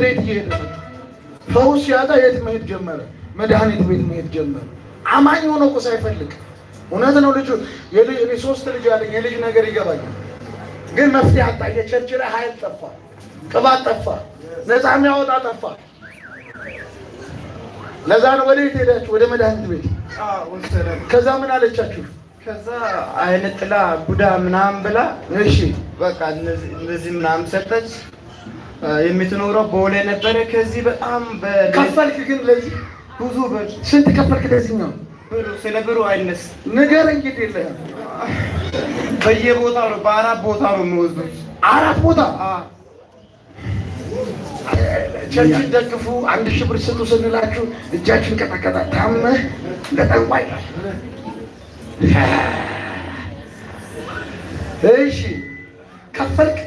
ወዴት እየሄደ ፈውስ ሲያጣ የት መሄድ ጀመረ? መድኃኒት ቤት መሄድ ጀመረ። አማኝ ሆኖ እኮ ሳይፈልግ እውነት ነው። ልጁ ሶስት ልጅ አለኝ። የልጅ ነገር ይገባኛል፣ ግን መፍትሄ አጣ። የቸርች ላይ ኃይል ጠፋ፣ ቅባት ጠፋ፣ ነፃ የሚያወጣ ጠፋ። ለዛ ነው ወዴት ሄዳችሁ? ወደ መድኃኒት ቤት። ከዛ ምን አለቻችሁ? ከዛ አይነት ጥላ ቡዳ ምናምን ብላ እሺ በቃ እነዚህ ምናምን ሰጠች የምትኖረው በወለ ነበረ። ከዚህ በጣም ከፈልክ ግን ለዚህ ብዙ ብር ስንት ከፈልክ? ለዚህኛው ብሩ ስለ ብሩ አይነስ ነገር እንግዲህ የለም። በየቦታው ነው፣ በአራት ቦታ ነው የሚወስዱት። አራት ቦታ ቸርችን ደግፉ፣ አንድ ሺህ ብር ስጡ ስንላችሁ እጃችን ቀጠቀጠ። ታመ ለጠንቋይ እሺ ከፈልክ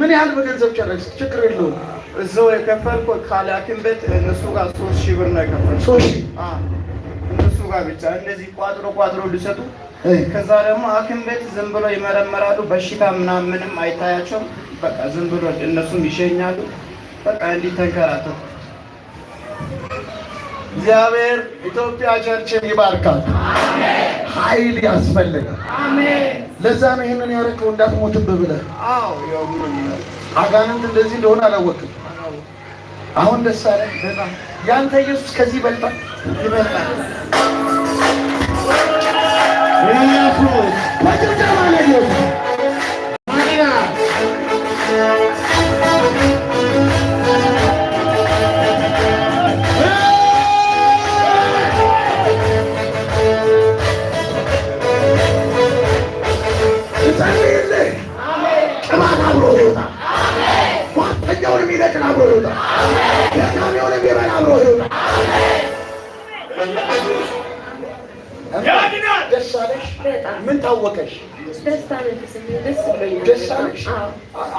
ምን ያህል በገንዘብ ጨረስ፣ ችግር የለውም። እዛው የከፈልኩት ካላኪም ቤት እነሱ ጋር ሶስት ሺህ ብር ነው የከፈልኩት። ሶስት ሺህ እነሱ ጋር ብቻ እንደዚህ ቋጥሮ ቋጥሮ ሊሰጡ ከዛ ደግሞ ሐኪም ቤት ዝም ብሎ ይመረመራሉ። በሽታ ምናምንም አይታያቸውም። በቃ ዝም ብሎ እነሱም ይሸኛሉ። በቃ እንዲህ ተንከራተው። እግዚአብሔር ኢትዮጵያ ቸርችን ይባርካል። ኃይል ያስፈልጋል። አሜን። ለዛ ነው ይህንን ያደረገው እንዳትሞትብህ ብለህ። አጋንንት እንደዚህ እንደሆነ አላወቅም። አሁን ደስ አለ ያንተ ኢየሱስ ከዚህ ይበልጣል ይበልጣል። ራሱ ነገር አልሆንም። ደስ ምን ታወቀሽ? ደስ አለሽ?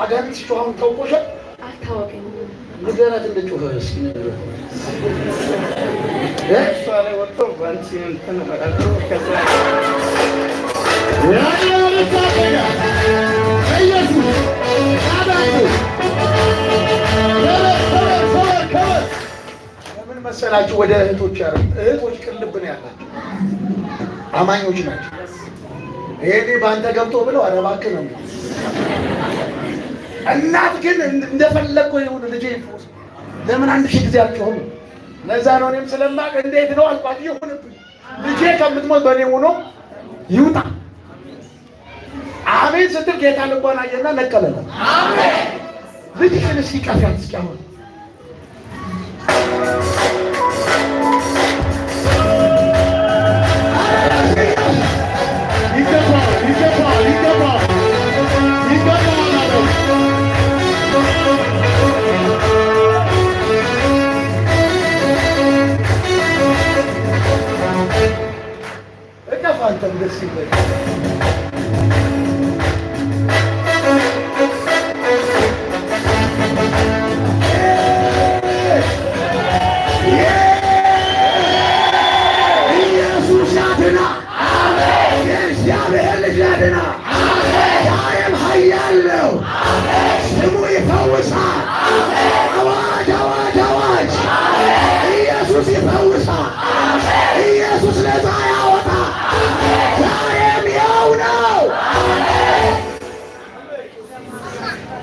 አጋንንትሽ አሁን ታውቆሻል? አልታወቀኝም። ንገራት እንደጮኸ እስኪ ንገራት መሰላችሁ ወደ እህቶች ያረ እህቶች ቅን ልብ ነው ያላቸው አማኞች ናቸው። ይሄኔ በአንተ ገብቶ ብለው ኧረ እባክህ ነው። እናት ግን እንደፈለግኩ ይሁን ልጅ ይፎስ ለምን አንድ ሺህ ጊዜ አልጮህም? ነዛ ነው እኔም ስለማቅ እንዴት ነው አልኳት። ይሁንብኝ ልጄ ከምትሞት በእኔ ሆኖ ይውጣ አሜን ስትል ጌታ ልቧን አየና ነቀለለ። ልጅሽን እስኪ ቀፊያት እስኪ አሁን versículo aqui.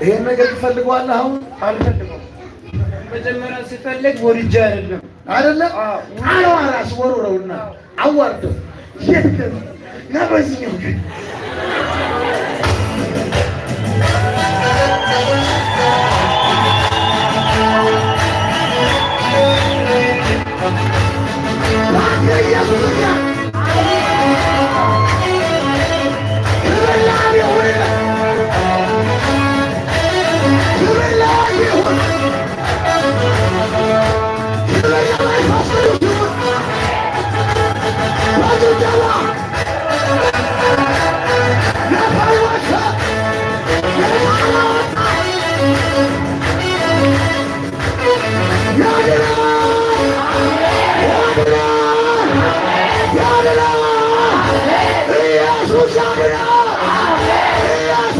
ይሄን ነገር ትፈልገዋለህ? አሁን አልፈልገውም። መጀመሪያ ሲፈልግ ወድጄ አይደለም አይደለ አዎ ራስ ወሮረውና አዋርደው የለም ና በዚህ ነው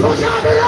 Hosanna! Yeah.